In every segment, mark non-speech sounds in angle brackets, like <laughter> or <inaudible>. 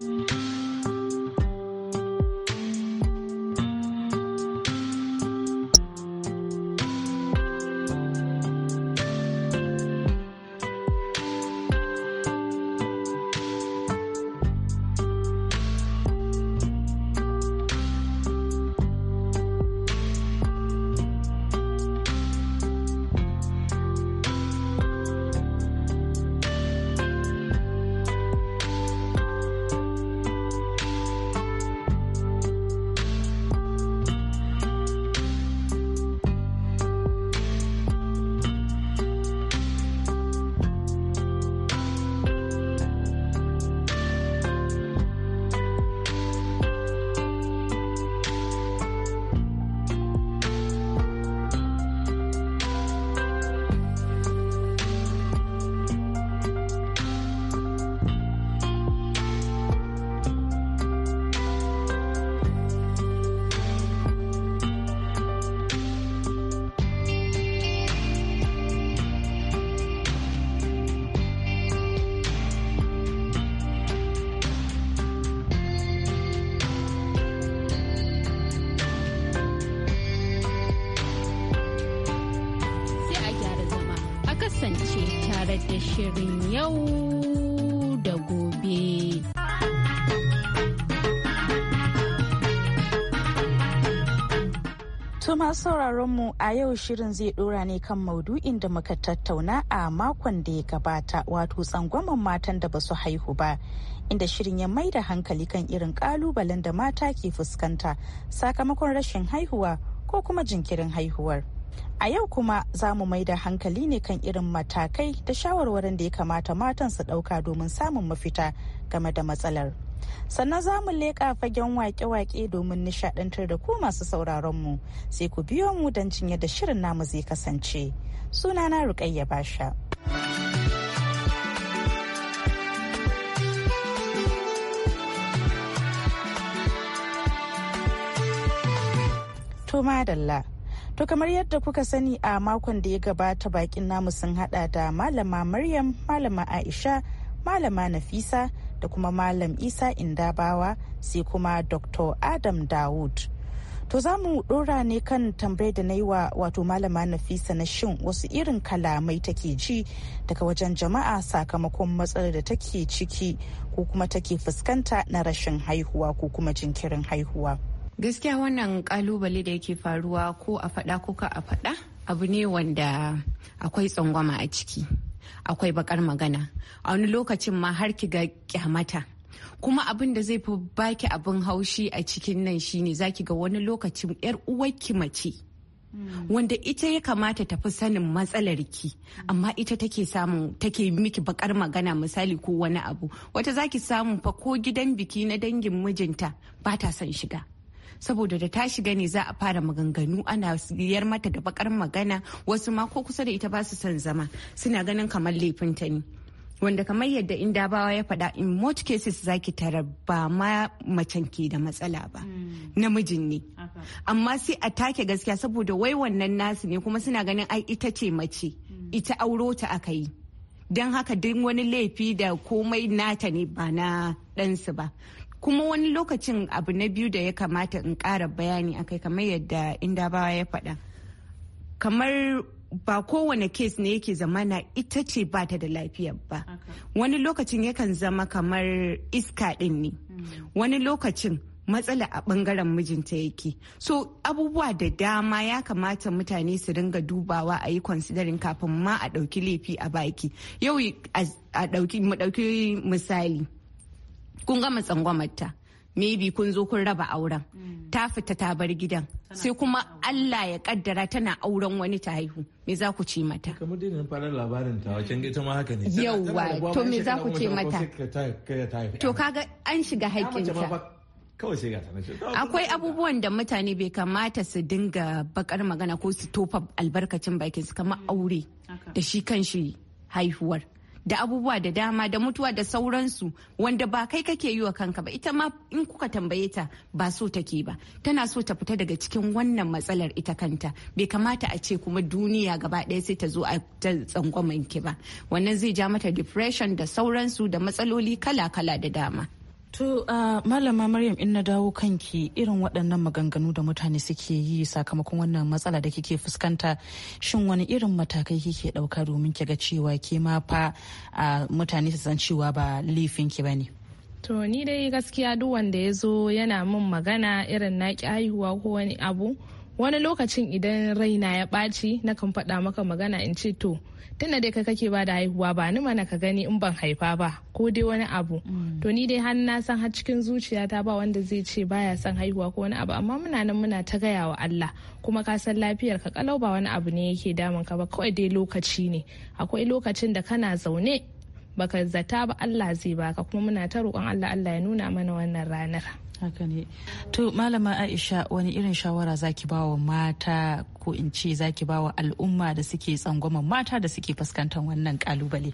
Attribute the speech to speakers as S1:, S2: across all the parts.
S1: Thank you. tare da shirin yau da gobe.
S2: Tuma sauraronmu a yau shirin zai dora ne kan maudu'in da muka tattauna a makon da ya gabata wato tsangwamen matan da ba su haihu ba. Inda shirin ya mai da hankali kan irin kalubalen da mata ke fuskanta sakamakon rashin haihuwa ko kuma jinkirin haihuwar. A yau kuma za mu mai da hankali ne kan irin matakai da shawarwarin da ya kamata matan su ɗauka domin samun mafita game da matsalar. Sannan za mu leƙa fagen wake-wake domin nishaɗantar da ku masu sauraron mu sai ku biyo mu don jin da shirin namu zai kasance. Sunana Rukayya Basha. To madalla. To kamar yadda kuka sani a makon da ya gabata bakin namu sun hada da malama Maryam, malama Aisha, malama Nafisa da kuma malam Isa Indabawa sai kuma Dr. Adam Dawud. To za mu dora ne kan tambayar da na yi wa wato malama Nafisa na shin wasu irin kalamai take ji daga wajen jama'a sakamakon matsalar da take ciki ko kuma take fuskanta na rashin haihuwa ko kuma jinkirin haihuwa.
S1: gaskiya wannan kalubale da yake faruwa ko a faɗa ko ka a faɗa abu ne wanda akwai tsangwama a ciki akwai bakar magana a wani lokacin ma har ki ga kyamata kuma abin da zai fi baki abin haushi a cikin nan shine zaki ga wani lokacin yar uwarki mace hmm. wanda ita ya kamata tafi sanin matsalar ki. amma ita take samun take miki bakar magana misali ko wani abu wata zaki samu fa ko gidan biki na dangin mijinta ba ta son shiga saboda da ta shiga ne za a fara maganganu ana yar mata da bakar magana wasu ma ko kusa da ita ba su son zama suna ganin kamar laifinta ne wanda kamar yadda inda bawa ya faɗa in most cases zaki tara ba ma macen ke da matsala ba hmm. namijin ne amma sai a take gaskiya saboda wai wannan nasu ne kuma suna ganin ai ita ce mace hmm. ita auro ta aka yi don haka duk wani laifi da komai nata ne ba na ɗansu ba kuma wani lokacin abu na biyu da ya kamata in ƙara bayani akai kamar yadda inda bawa ya faɗa kamar ba kowane kes ne yake zama na ita ce bata da lafiya ba wani lokacin yakan zama kamar iska ɗin ne hmm. wani lokacin matsala a bangaren mijinta yake so abubuwa da dama ya kamata mutane su ringa dubawa a yi considering kafin ma a ɗauki laifi a baki yau a ɗauki mu ɗauki misali kun gama tsangwamarta maybe kun zo kun raba auren mm. ta fita ta bar gidan sai kuma Allah ya kaddara tana auren wani ta haihu me za ku ce
S3: mata kamar dai nan fara labarin ta wacan ita ma haka ne yawa to me za ku ce mata to
S1: kaga an shiga haƙƙin ta akwai abubuwan da mutane bai kamata su dinga bakar magana ko su tofa albarkacin bakin su kamar mm. aure da shi kan shi haihuwar da abubuwa da dama da mutuwa da sauransu wanda ba kai kake yi wa kanka ba ita ma in kuka tambaye ta ba so take ba tana so ta fita daga cikin wannan matsalar ita kanta bai kamata a ce kuma duniya gaba ɗaya sai ta zo a ta tsangwamanki ba wannan zai ja mata depression da sauransu da matsaloli kala-kala da dama.
S2: To a Malama Maryam in na dawo kanki irin waɗannan maganganu da mutane suke yi sakamakon wannan matsala da kike fuskanta shin wani irin matakai kike ɗauka domin ki ga cewa ke ma fa mutane su san cewa ba laifin ki ne. To ni dai gaskiya duk wanda ya zo yana min magana irin na haihuwa ko wani abu wani lokacin idan raina ya ɓaci na kan faɗa maka magana in ce to tunda dai ka kake ba da haihuwa ba ni mana ka gani in ban haifa ba ko dai wani abu mm. to ni dai har na san har cikin zuciyata ba wanda zai ce baya son haihuwa ko wani abu amma muna nan muna ta gaya wa Allah kuma ka san lafiyar ka kalau ba wani abu ne yake damun ka ba kawai dai lokaci ne akwai lokacin da kana zaune baka zata ba Allah zai baka kuma muna ta roƙon Allah Allah ya nuna mana wannan ranar haka ne to malama aisha wani irin shawara zaki ba wa mata ko in ce zaki ba wa al'umma da suke tsangwaman mata da suke fuskantar wannan kalubale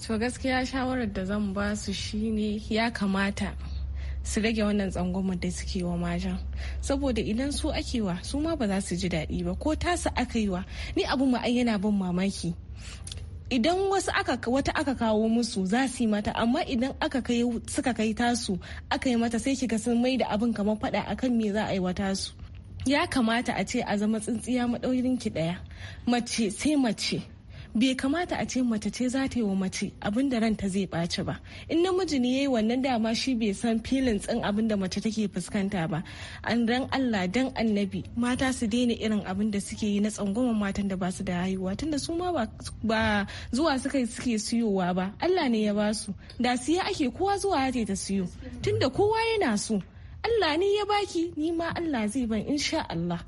S2: to gaskiya shawarar da zan ba su shine ya kamata su rage wannan tsangwamar da suke wa mata saboda idan su ake wa su ma ba za su ji daɗi ba ko tasu aka yi wa ni abin ma yana bin mamaki idan wasu aka wata aka kawo musu za su yi mata amma idan aka kai suka kai tasu aka yi mata sai kika sun mai da abin kamar fada akan me za a yi wata su ya kamata a ce a zama tsintsiya maɗaurin ki ɗaya mace sai mace bai kamata a ce mace ce za ta yi wa mace abin da ranta zai ɓaci ba in namiji ne yayi wannan dama shi bai san filin tsin abin da mace take fuskanta ba an ran Allah dan annabi mata su daina irin abin da suke yi na tsangwamar matan da ba su da haihuwa tunda su ma ba zuwa suka suke siyowa ba Allah ne ya ba su da siya ake kowa zuwa ya ta siyo tunda kowa yana so Allah ne ya baki ni ma Allah zai ban insha Allah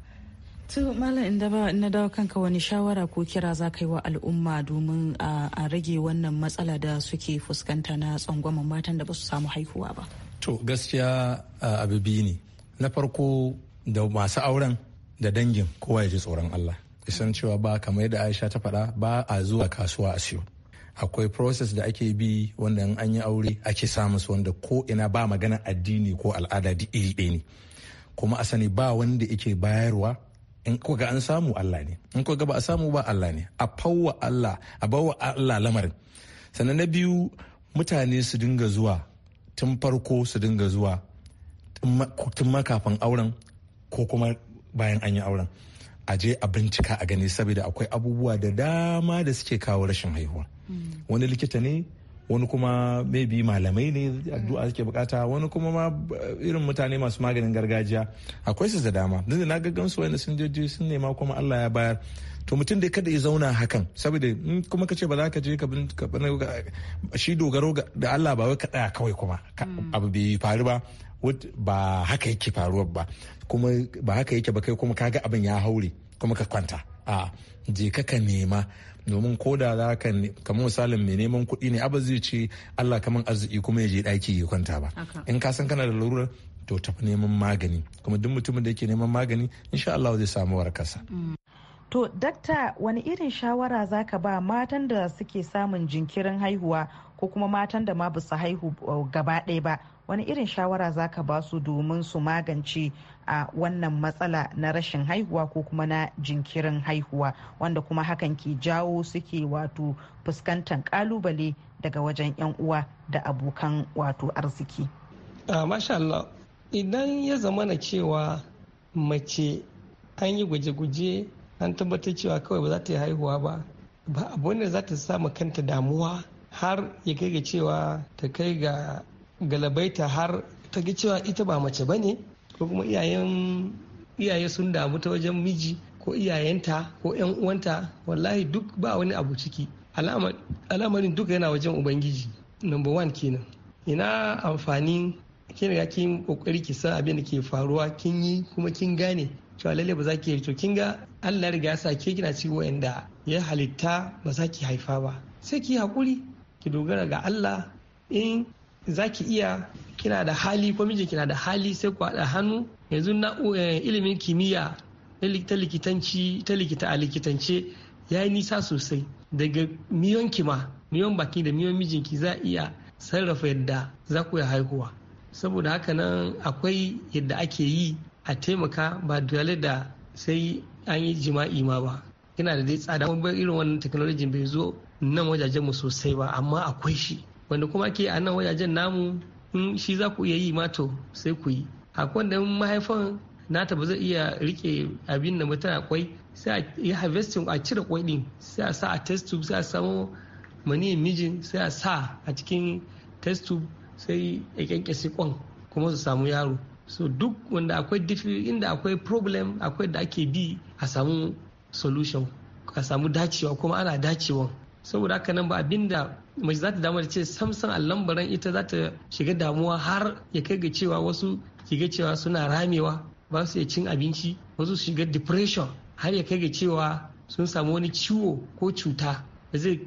S2: to malam inda ba na dawo kanka wani shawara ko kira za ka yi wa al'umma domin a rage wannan matsala da suke fuskanta na tsangwamin matan da ba su samu haihuwa ba
S3: to gaskiya abu biyu ne na farko da masu auren da dangin kowa ya ji tsoron Allah isan cewa ba kamar yadda Aisha ta faɗa ba a zuwa kasuwa a siyo akwai process da ake bi wanda in an yi aure ake samun su wanda ko ina ba magana addini ko al'ada iri ɗaya ne kuma a sani ba wanda yake bayarwa in kuka ga an samu Allah ne in kuka ga ba a samu ba Allah ne a fawwa Allah a bawa Allah lamarin sannan na biyu mutane su dinga zuwa tun farko su dinga zuwa tun ma kafin auren ko kuma bayan an yi auren a je a bincika a gani saboda akwai abubuwa da dama da suke kawo rashin haihuwa hmm. wani likita ne wani kuma maybe malamai ne addu'a suke bukata wani kuma ma eh, irin mutane masu maganin gargajiya akwai su da dama dinda da na gaggan su wani sun jeji sun nema kuma Allah ya bayar to mutum dai kada ya zauna hakan saboda in kuma kace ba za ka je ka shi dogaro da Allah ba wai ka tsaya kawai kuma hmm. abu bai faru ba ba haka yake faruwar ba kuma ba haka yake ba kai kuma kaga abin ya haure kuma ka kwanta a je ka ka nema domin ko da za ka kamar misalin mai neman kuɗi ne abin zai ce Allah kamar arziki kuma ya je ɗaki ya kwanta ba in ka san kana da larurar to tafi neman magani kuma duk mutumin da yake neman magani insha Allah zai samu warkarsa.
S2: Mm. To, dakta wani irin shawara za ka ba matan da suke samun jinkirin haihuwa ko kuma matan da ma ba su haihu uh, gaba ɗaya ba wani irin shawara za ka ba su domin su magance a wannan matsala na rashin haihuwa ko kuma na jinkirin haihuwa wanda kuma hakan ke jawo suke wato fuskantar kalubale daga wajen 'yan uwa da abokan wato arziki
S4: masha Allah idan ya zama na cewa mace an yi guje guje an tabbatar cewa kawai ba za ta yi haihuwa ba ba abu da za ta samu kanta damuwa har ya kai ga cewa ta kai ga galabaita har ta ga cewa ita ba mace ba ne ko kuma iyayen iyaye sun damu ta wajen miji ko iyayenta ko yan uwanta wallahi duk ba wani abu ciki al'amarin duka yana wajen ubangiji number one kenan ina amfani kin riga kin kokari ki san abin da ke faruwa kin yi kuma kin gane cewa lalle ba za ki yi to kin ga Allah riga sa ke kina ci wa'anda ya halitta ba za ki haifa ba sai ki hakuri ki dogara ga Allah in za ki iya kina da hali ko mijin kina da hali sai ku haɗa hannu yanzu na eh, ilimin kimiyya ta likitanci ta likita a likitance ya yi nisa sosai daga miyon kima miyon baki da miyon mijinki za iya sarrafa yadda za ku ya haihuwa saboda haka nan akwai yadda ake yi a taimaka ba dole da sai an yi jima'i ma ba yana da dai tsada irin wannan technology bai zo nan wajajen mu sosai ba amma akwai shi wanda kuma ake a nan wajajen namu in shi za ku iya yi mato sai ku yi akwai wanda mahaifan nata ba zai iya rike abin da mutum akwai sai a yi harvesting a cire kwai din sai a sa a test tube sai a samo maniyin mijin sai a sa a cikin test tube sai a kyankyasi kwan kuma su samu yaro so duk wanda akwai difi inda akwai problem akwai da ake bi a samu solution a samu dacewa kuma ana dacewa saboda haka nan ba abinda mace za ta damu da ce samson allambaran ita za ta shiga damuwa har ya kai ga cewa wasu shiga cewa suna ramewa ba su cin abinci wasu shiga depression har ya kai ga cewa sun samu wani ciwo ko cuta da zai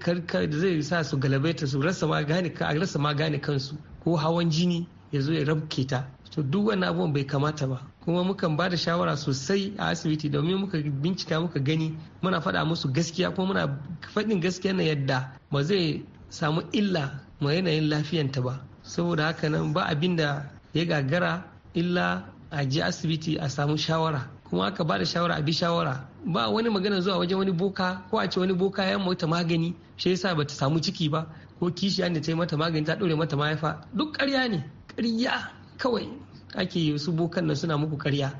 S4: da zai sa su galabaita su rasa ma gane a rasa ma kansu ko hawan jini ya zo ya rabke ta to duk wannan abubuwan bai kamata ba kuma mukan ba da shawara sosai a asibiti domin muka bincika muka gani muna faɗa musu gaskiya kuma muna faɗin gaskiya na yadda ba zai samu illa ma yanayin lafiyanta ba saboda haka nan ba abin da ya gagara illa a je asibiti a samu shawara kuma aka ba da shawara a bi shawara ba wani magana zuwa wajen wani boka ko a ce wani boka ya mata magani shi yasa ba ta samu ciki ba ko kishiya da ta yi mata magani ta ɗore mata mahaifa duk karya ne karya kawai ake yi su bokan nan suna muku karya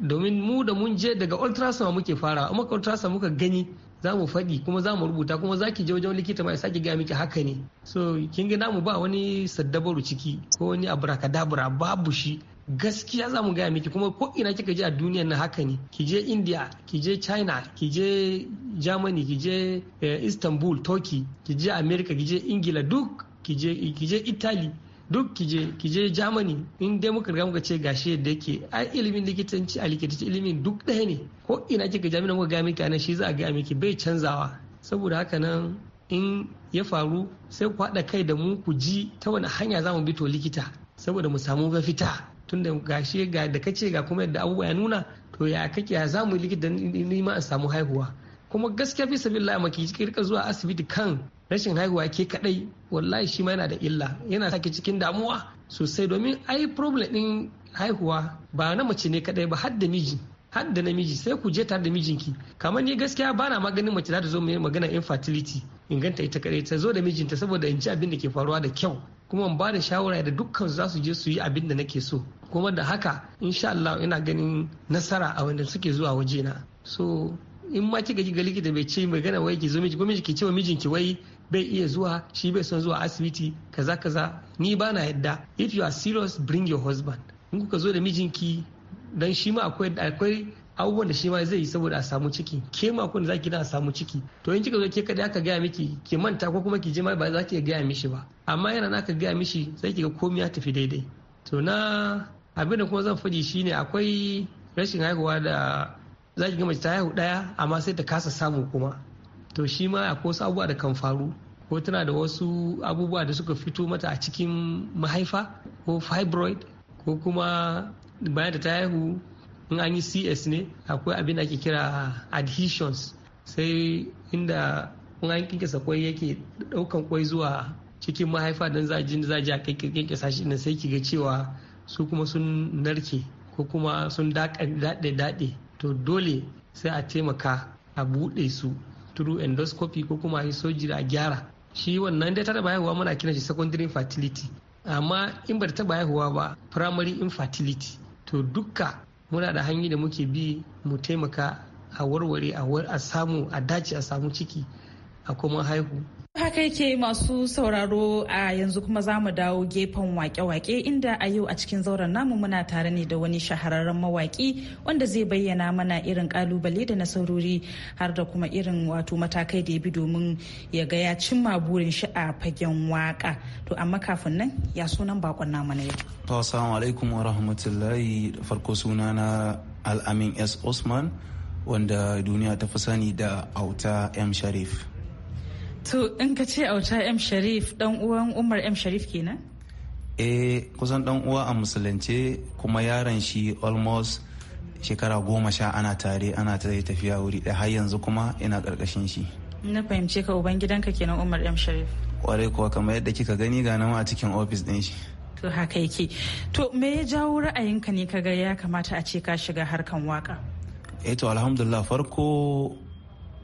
S4: domin mu da mun je daga ultrasound muke fara maka ultrasound muka gani za mu faɗi kuma za mu rubuta kuma za ki je wajen likita ma ya sake gaya miki haka ne so kin ga namu ba wani saddabaru ciki ko wani abrakadabra babu shi gaskiya za mu gaya miki kuma ko ina kika je a duniyar na haka ne ki je india ki je china ki je germany ki je eh, istanbul turkey ki je america ki je ingila duk ki je italy duk kije kije germany in dai muka riga muka ce gashi yadda yake ai ilimin likitanci a likitanci ilimin duk ɗaya ne ko ina kika jami'a muka ga miki anan shi za a ga miki bai canzawa saboda haka nan in ya faru sai ku haɗa kai da mu ku ji ta wani hanya za mu bi to likita saboda mu samu mafita tunda gashi ga da kace ga kuma yadda abubuwa ya nuna to ya kake ya zamu likita ni ma a samu haihuwa kuma gaskiya fi sabilillah maki kirka zuwa asibiti kan rashin haihuwa ke kadai wallahi shi ma yana da illa yana sake cikin damuwa sosai domin ai problem din haihuwa ba na mace ne kadai ba har da miji har da namiji sai ku je tare da mijinki kamar ni gaskiya bana maganin mace za ta zo mai magana infertility inganta ita kadai ta zo da mijinta saboda in ji abin da ke faruwa da kyau kuma ba da shawara da dukkan za su je su yi abin da nake so kuma da haka insha Allah ina ganin nasara a wanda suke zuwa wajena so in ma kika ga likita bai ce magana wai ki zo miji ko miji ki ce wa mijinki wai bai iya zuwa shi bai son zuwa asibiti kaza kaza ni ba na yadda if you are serious bring your husband in kuka zo da mijinki dan shi ma akwai akwai abubuwan da shi ma zai yi saboda a samu ciki ke ma kun zaki na samu ciki to in kika zo ke kada aka gaya miki ki manta ko kuma ki je ma ba za ki gaya mishi ba amma yana naka gaya mishi sai ki ga komai ya tafi daidai to na abin da kuma zan faɗi shine akwai rashin haihuwa da za ki ga mace ta haihu ɗaya amma sai ta kasa samu kuma to shi ma akwai wasu abubuwa da kan faru ko tana da wasu abubuwa da suka fito mata a cikin mahaifa ko fibroid ko kuma bayan da ta haihu in an yi cs ne akwai abin da ake kira adhesions sai inda in an kinkisa kwai yake daukan kwai zuwa cikin mahaifa don zajin za a kinkisa shi sai ki ga cewa su kuma sun narke ko kuma sun daɗe daɗe to dole sai a taimaka a buɗe su turu endoscopy ko kuma a yi a gyara shi wannan dai ta taba haihuwa muna kiran shi secondary infertility amma in ba ta taba haihuwa ba primary infertility to dukka muna da hanyoyi da muke bi mu taimaka a warware a samu a dace a samu ciki a kuma haihu
S2: Haka yake masu sauraro a yanzu kuma za mu dawo gefen wake-wake inda a yau a cikin zauren namu muna tare ne da wani shahararren mawaki wanda zai bayyana mana irin kalubale da nasarori har da kuma irin wato matakai da ya bi domin ya gaya ya cimma burin shi a fagen waka. To amma kafin nan ya sunan bakon namu na yau.
S5: To assalamu alaikum farko suna na al S usman wanda duniya ta fi sani da Auta M Sharif.
S2: To in ka ce auta M Sharif dan uwan Umar M Sharif kenan?
S5: Eh kusan dan uwa a musulunce kuma yaron shi almost shekara goma sha ana tare ana ta tafiya wuri da har yanzu kuma ina karkashin shi.
S2: Na fahimce ka uban ubangidanka kenan Umar M Sharif.
S5: Kwarai kuwa kamar yadda kika gani ga nan a cikin ofis din shi.
S2: To haka yake. To me ya jawo ra'ayinka ne kaga ya kamata a ce ka shiga harkan waka?
S5: Eh to alhamdulillah farko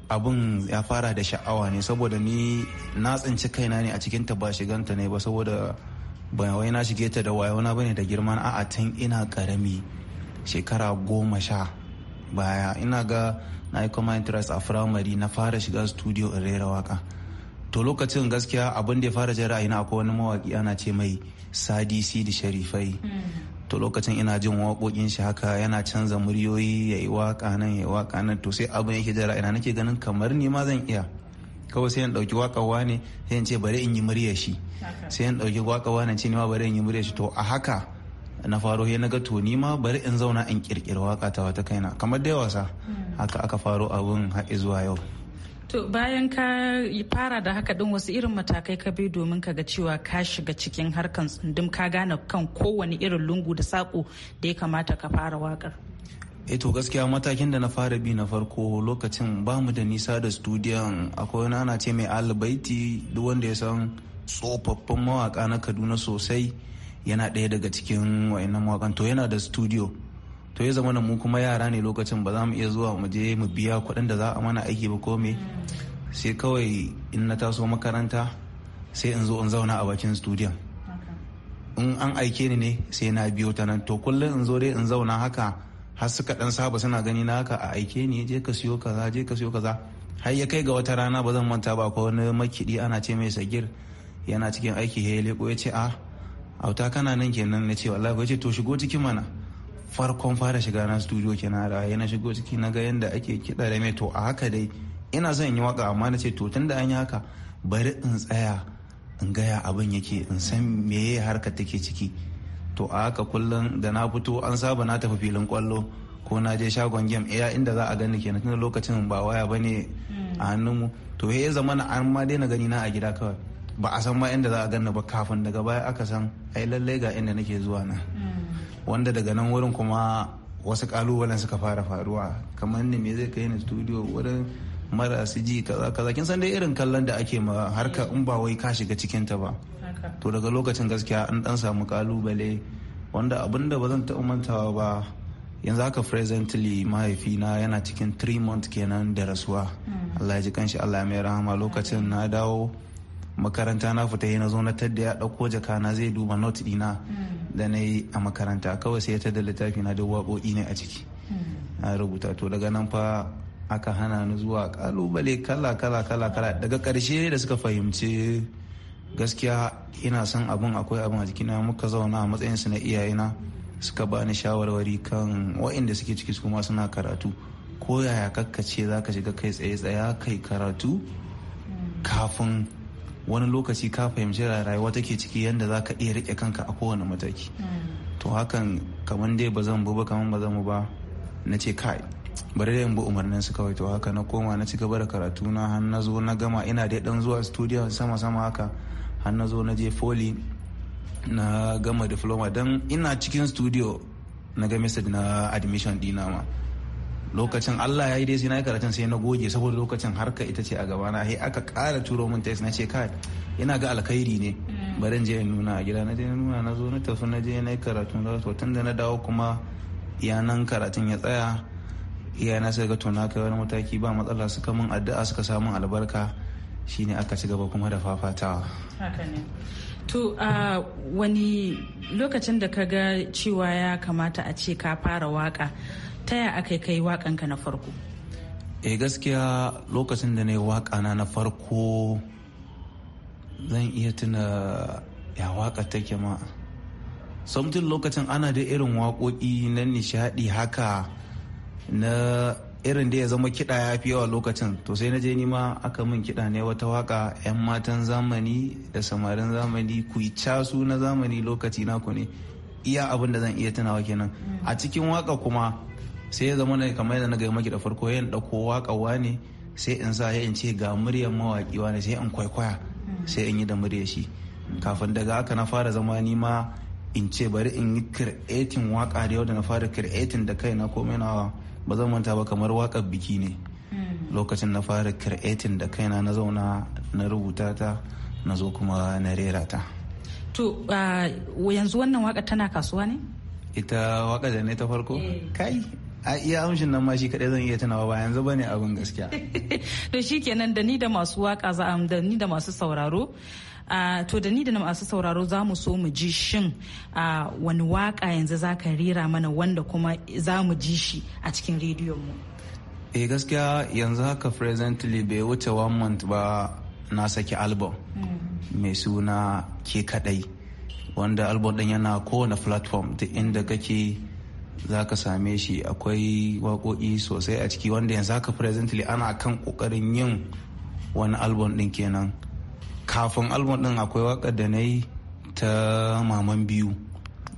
S5: abin ya fara da sha'awa ne saboda ni na tsinci kaina ne a cikin ta ba shiganta ne ba saboda ba wai na shige ta da wayona bane da girman a'a tun ina karami shekara goma sha baya ina ga na yi kuma interest a firamare na fara shiga studio in rera waka to lokacin gaskiya abin da ya fara jira ra'ayi na akwai wani mawaki ana ce mai sadisi da sharifai mm. to lokacin ina jin waƙoƙin shi haka yana canza muryoyi ya yi waƙa nan ya yi waƙa nan to sai abin yake jira ina nake ganin kamar ni ma zan iya kawai sai in ɗauki waƙa wane sai in ce bari in yi murya shi sai in ɗauki waƙa wane ce ni ma bari in yi murya shi to a haka na faro sai na ga to ni ma bari in zauna in ƙirƙiri waƙa ta wata kaina kamar dai wasa hmm. haka aka faro abin haɗe zuwa yau
S2: To bayan ka fara da haka din wasu irin matakai ka bi domin ka ga cewa ka shiga cikin harkan tsundum ka gane kan kowane irin lungu da sako da ya kamata ka fara wakar.
S5: E eh to gaskiya matakin da na fara bi na farko lokacin bamu da nisa da studiyon akwai wani ana ce mai alibaiti duk wanda ya san tsofaffin mawaka na kaduna sosai yana ɗaya daga cikin wa'annan mawakan to yana da studio to ya zama mu kuma yara ne lokacin ba za mu iya zuwa mu je mu biya kuɗin da za a mana aiki ba ko me sai kawai in na taso makaranta sai in zo in zauna a bakin studiyon in an aike ni ne sai na biyo ta nan to kullum in zo dai in zauna haka har suka dan saba suna gani na haka a aike ni je ka siyo kaza je ka siyo kaza har ya kai ga wata rana ba zan manta ba ko wani makidi ana ce mai sagir yana cikin aiki ya leko ya ce a ah, auta kana nan kenan na ce wallahi ya ce to shigo cikin mana farkon fara shiga na studio na raye na shigo ciki na ga yadda ake kiɗa da mai to a haka dai ina son yi waka amma na ce to tun da an yi haka bari in tsaya in gaya abin yake in san meye harka take ciki to a haka kullum da na fito an saba na tafi filin kwallo ko na je shagon gem iya inda za a gani kenan tun lokacin ba waya bane a hannunmu to ya zama na an ma daina gani na a gida kawai ba a san ma inda za a gani ba kafin daga baya aka san ai lallai ga inda nake zuwa na. Mm. wanda daga nan wurin kuma wasu kalubalen suka fara faruwa kamar ne me zai kai ni studio wurin mara su ji kaza kaza kin san dai irin kallon da ake ma harka in ba wai ka shiga cikin ta ba to daga lokacin gaskiya an dan samu kalubale wanda abin da ba zan taɓa mantawa ba yanzu haka presently mahaifina yana cikin 3 month kenan da rasuwa hmm. Allah ya ji kanshi Allah ya mai rahama lokacin na dawo makaranta na fita na zo na tadda ya ɗauko jakana zai duba not dina hmm. da na yi a makaranta kawai sai ta da littafi na da waƙoƙi ne a ciki hmm. a rubuta to daga nan fa aka hana ni zuwa kalubale kala kala kala kala daga karshe da suka fahimci gaskiya ina son abin akwai abin a jikina muka zauna a matsayin su na iyayena suka bani shawarwari kan waɗanda suke ciki su kuma suna karatu ko yaya kakkace za ka shiga kai tsaye tsaya kai karatu hmm. kafin wani lokaci ka fahimci rayuwa take ciki yadda za ka iya rike kanka a kowane mataki mm. to hakan kamar dai ba zan bu ba kamar ba zan ba na ce kai bari da bi umarnin su kawai to haka na koma na ci gaba da karatu na har na zo na gama ina dai dan zuwa studio sama sama haka har na zo na je foli na gama diploma dan ina cikin studio na ga message na admission dina ma lokacin Allah ya yi dai sai yi karatun sai na goge saboda lokacin harka ita ce a gabana sai aka ƙara turo min text na ce kai ina ga alkhairi ne mm. barin je nuna a gida na je nuna na zo na tafi na je na yi karatun da to tun da na dawo kuma iyanan karatun ya tsaya iyana sai ga to na kai wani mataki ba matsala suka min addu'a suka samun albarka shine aka ci gaba kuma da fafatawa
S2: haka To a wani lokacin da ka ga cewa ya kamata a ce ka fara waka ta ya aka kai wakanka na farko
S5: eh gaskiya lokacin da na yi wakana na farko zan iya tuna ya waka take ma samtin lokacin ana da irin waƙoƙi na nishadi haka na irin da ya zama kiɗa ya fi yawa lokacin to sai na je nima aka min kiɗa ne wata waka 'yan matan zamani da samarin zamani ku yi casu na zamani lokaci naku ne iya abin da zan iya tunawa kenan a cikin waka kuma sai ya zama ne kamar yadda na gaya maki da farko yin ɗauko waƙa ne sai in sa ya in ce ga muryar mawaƙi ne sai in kwaikwaya sai in yi da muryar shi kafin daga haka na fara zama ni ma in ce bari in yi creating waka da yau da na fara creating da kaina komai na ba zan manta ba kamar waƙar biki ne hmm. lokacin na fara creating da kaina na zauna na rubuta ta na zo kuma na rera ta
S2: to ah, yanzu wannan waka tana kasuwa ne
S5: ita waka da ne ta farko eh. kai a iya amshin nan ma shi kadai zan iya tunawa ba yanzu bane abin gaskiya
S2: <laughs> to kenan da ni da masu waka za da ni da masu sauraro to da ni da masu sauraro za mu so mu ji shin wani waka yanzu za ka rera mana wanda kuma za mu ji shi a cikin rediyon mu
S5: eh gaskiya yanzu haka presently bai wuce one month ba na saki album mm. mai suna ke kadai wanda album din yana kowane platform duk inda kake za ka same shi akwai waƙoƙi sosai a ciki wanda yanzu haka presently ana kan ƙoƙarin yin wani album ɗin kenan kafin album ɗin akwai waƙar da na yi ta maman biyu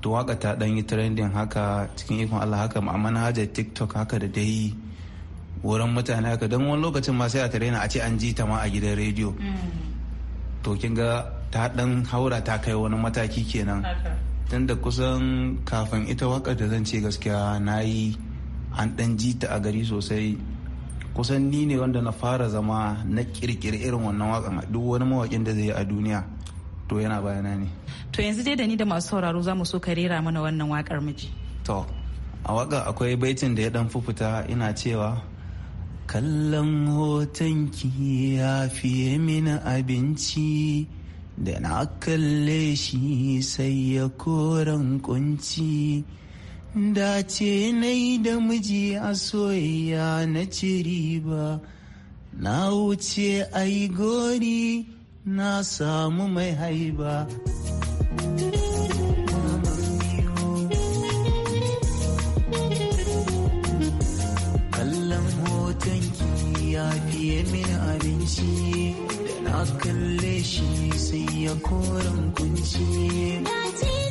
S5: to waƙa ta ɗan yi trending haka cikin ikon allah haka a manhajar tiktok haka da dai wurin mutane haka don wani lokacin ma sai a tare a ce an ji ta ma a gidan rediyo mm. to kin ga ta ɗan haura ta kai wani mataki kenan tunda kusan kafin ita wakar da zan ce gaskiya na yi an ɗan ji a gari sosai kusan ni ne wanda na fara zama na kirkiri irin wannan wakan duk wani mawakin da zai yi a duniya to yana bayana ne
S2: to yanzu dai da ni da masu sauraro za mu so ka rera mana wannan wakar miji
S5: to a waka akwai baitin da ya dan fufuta ina cewa kallon hoton ki ya fiye mini abinci da na kalle shi sai ya koren kunci dace na yi da miji a soyayya na ci riba na wuce a yi gori na samu mai haiba kallon hoton ki ya fiye min abinci na kalle shi sai ya koran kunci.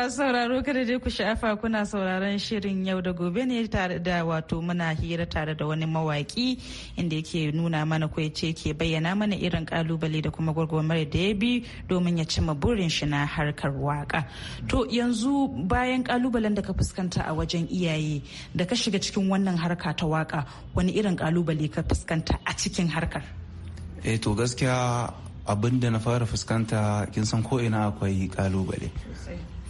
S2: masu sauraro kada dai ku sha'afa kuna sauraron shirin yau da gobe ne tare da wato muna hira tare da wani mawaki inda yake nuna mana ko ce ke bayyana mana irin kalubale da kuma gwagwamar da ya bi domin ya cimma burin shi na harkar waka. To yanzu bayan kalubalen da ka fuskanta a wajen iyaye da ka shiga cikin wannan harka ta waka wani irin kalubale ka fuskanta a cikin harkar?
S5: Eh to gaskiya abin na fara fuskanta kin san ko ina akwai kalubale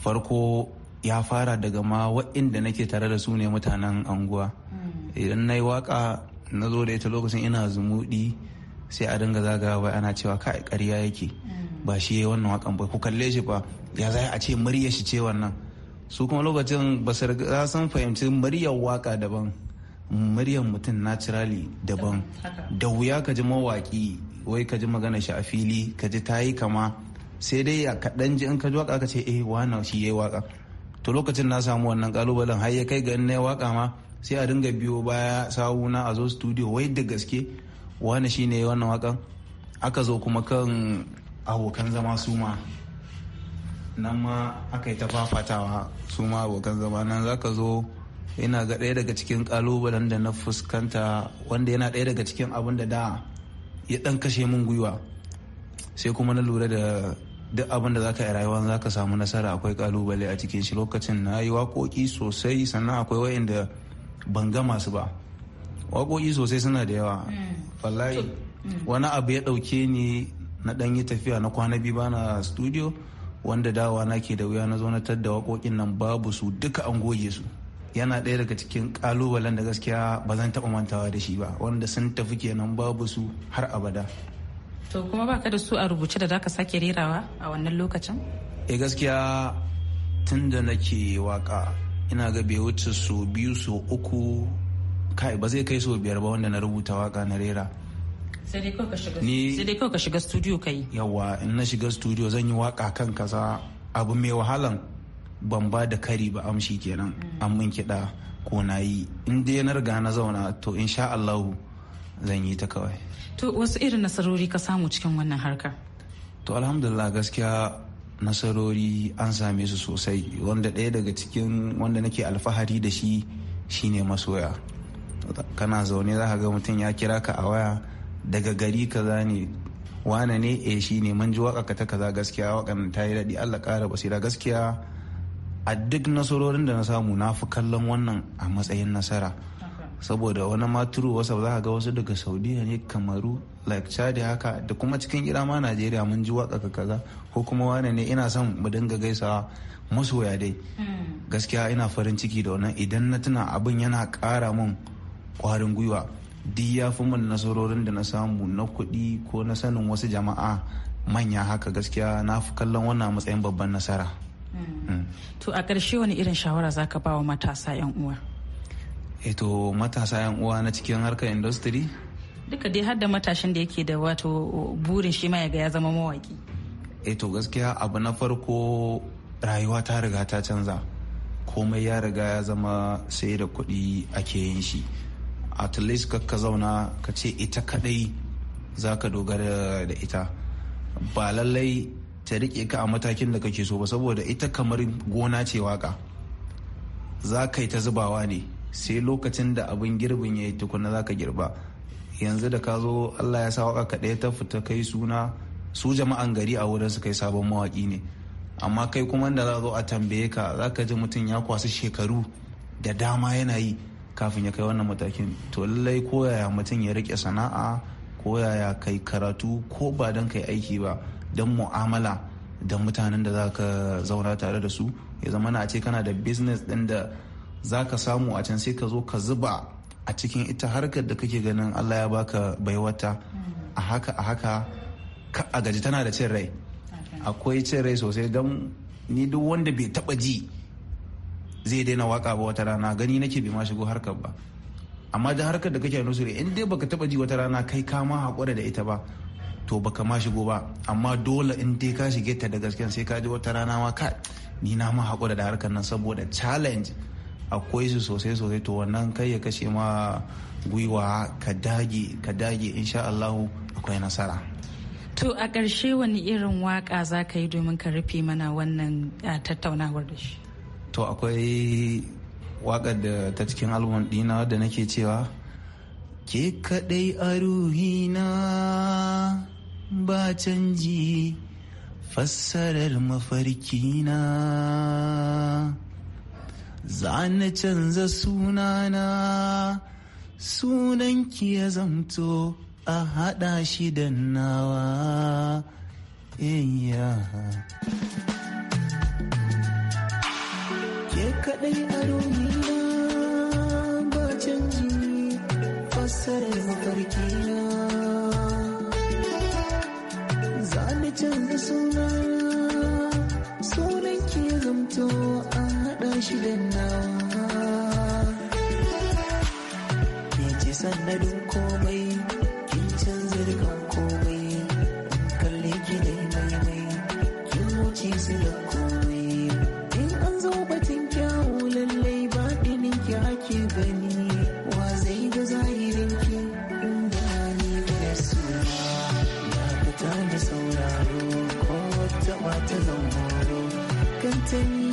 S5: farko ya fara daga ma wa'inda nake tare da su ne mutanen anguwa idan na yi waka na zo da ita lokacin ina zumuɗi sai a dinga zagawa ana cewa kai ƙarya yake ba shi ya wannan wakan ba ku kalle shi ba ya zai a ce murya shi ce wannan su kuma lokacin ba su san fahimci muryar waka daban muryar mutum naturally daban da wuya ka ji mawaki wai ka ji magana shi a fili ka ji ta yi kama sai dai a kaɗan ji in ka ji waka ka ce eh wani shi yayi waka to lokacin na samu wannan kalubalen har ya kai ga in na waka ma sai a dinga biyo baya na a zo studio wai da gaske wani shi ne wannan wakan aka zo kuma kan abokan zama su ma nan ma aka yi ta fafatawa su ma abokan zama nan za ka zo yana ga ɗaya daga cikin ƙalubalen da na fuskanta wanda yana ɗaya daga cikin abin da da ya ɗan kashe min gwiwa sai kuma na lura da duk abin da zaka yi rayuwa zaka samu nasara akwai kalubale a cikin shi lokacin na yi waƙoƙi sosai sannan akwai wayanda ban gama su ba waƙoƙi sosai suna da yawa hmm. wallahi hmm. wani abu ya ɗauke ni na ɗan yi tafiya na kwana biyu bana studio wanda dawa na ke da wuya na zonatar da waƙoƙin nan babu su duka an goge su yana ɗaya daga cikin kalubalen da gaskiya ba zan taɓa mantawa da shi ba wanda sun tafi kenan babu su har abada
S2: to kuma baka da su a rubuce da zaka sake rerawa a wannan lokacin
S5: eh gaskiya tun da nake waka ina ga bai wuce su biyu su uku kai ba zai kai su biyar ba wanda na rubuta waka na rera sai dai kawai ka shiga studio ka yi yawa in na shiga studio zan yi waka kan kasa. abu mai wahalan ban ba da kari ba amshi kenan an min kiɗa ko na yi in dai na riga na zauna to insha Allahu zan yi ta kawai
S2: to wasu irin nasarori ka samu cikin wannan harka
S5: to alhamdulillah gaskiya nasarori an same su sosai wanda ɗaya daga cikin wanda nake alfahari da shi shine masoya kana zaune za ka ga mutum ya kira ka a waya daga gari kaza ne wane ne eh shi ne mun ji waka ta kaza gaskiya wakan ta yi daɗi allah ƙara basira gaskiya a duk nasarorin da na samu na fi kallon wannan a matsayin nasara saboda wani maturu wasa za ka ga wasu daga saudiya ne kamaru like chad haka da kuma cikin gida ma najeriya mun ji waka kaza ko kuma wane ne ina son mu dinga gaisawa masoya dai hmm. gaskiya ina farin ciki da wannan idan na tuna abin yana kara mun kwarin gwiwa duk ya fi mun nasarorin da na samu na kuɗi ko na sanin wasu jama'a manya haka gaskiya na fi kallon wannan matsayin babban nasara hmm. Hmm.
S2: to a ƙarshe wani irin shawara za ka ba wa matasa 'yan uwa
S5: eto matasa yan uwa na cikin harkar industry
S2: duka dai har da matashin da yake da wato burin shi ma ya ga ya zama mawaki
S5: eto gaskiya abu na farko rayuwa ta riga ta canza komai ya riga ya zama sai da kuɗi ake yin shi at least ka zauna ka ce ita kadai za ka dogara da ita ba lallai ta rike ka a matakin da kake so ba saboda ita kamar gona ce waka za ka yi ta zubawa ne sai lokacin da abin girbin ya yi tukuna za ka girba yanzu da ka zo allah ya sa waka kaɗai ta fita kai suna su jama'an gari a wurin su kai sabon mawaƙi ne amma kai kuma da za zo a tambaye ka za ka ji mutum ya kwasu shekaru da dama yana yi kafin ya kai wannan matakin to lallai koyaya mutum ya rike sana'a koyaya kai karatu ko ba don kai aiki ba don mu'amala da mutanen da za ka zauna tare da su ya zama na a ce kana da business ɗin da za ka samu a can sai ka zo ka zuba a cikin ita harkar da kake ganin allah ya baka baiwata mm. a haka a haka a gaji tana da cin rai akwai cin rai sosai don ni duk wanda bai taba ji zai daina waka ba wata rana gani nake bai ma shigo harkar ba amma da harkar da kake nusuri in dai baka taba ji wata rana kai ka ma haƙura da ita ba to baka ma shigo ba amma dole in dai ka shige ta da gaske sai ka ji wata rana ma ka ni na ma haƙura da harkar nan saboda challenge akwai su sosai sosai to wannan kai ya kashe ma gwiwa ka dage ka dage insha Allah akwai nasara
S2: to a ƙarshe wani irin waka za ka yi domin ka rufe mana wannan ah, tattaunawar da shi
S5: to akwai waƙar da ta cikin album dina da nake cewa ke kaɗai a ruhina ba canji fassarar mafarkina za canza sunana sunanki ya zamto a haɗa shi da nawa iya
S1: ke kaɗai a na ba canji fassarar mafarki na za canza sunana sunanki
S5: ya zamto a haɗa shi da nawa ke ce sanadin komai kin canza dukan komai in kalle ki da maimai kin wuce su da komai in an
S1: zo batin kyawu ba baɗinin ki ake gani
S5: wa zai ga zahirin ki inda ni da suna na fita da sauraro ko wata mata zan horo kan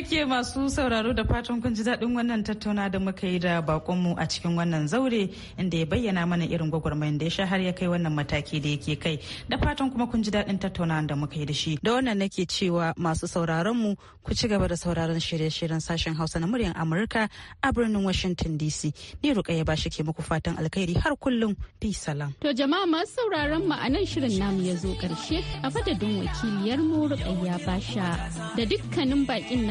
S2: yake masu sauraro da fatan kun ji daɗin wannan tattauna da muka yi da bakonmu a cikin wannan zaure inda ya bayyana mana irin gwagwarmayar da ya sha har ya kai wannan mataki da yake kai da fatan kuma kun ji daɗin tattauna da muka yi da shi da wannan nake cewa masu sauraron mu ku ci gaba da sauraron shirye-shiryen sashen Hausa na muryar Amurka a birnin Washington DC ni ya bashi ke muku fatan alkhairi har kullum peace salam
S1: to jama'a masu sauraron mu a nan shirin namu ya zo karshe a madadin wakiliyar mu Rukayya Basha da dukkanin bakin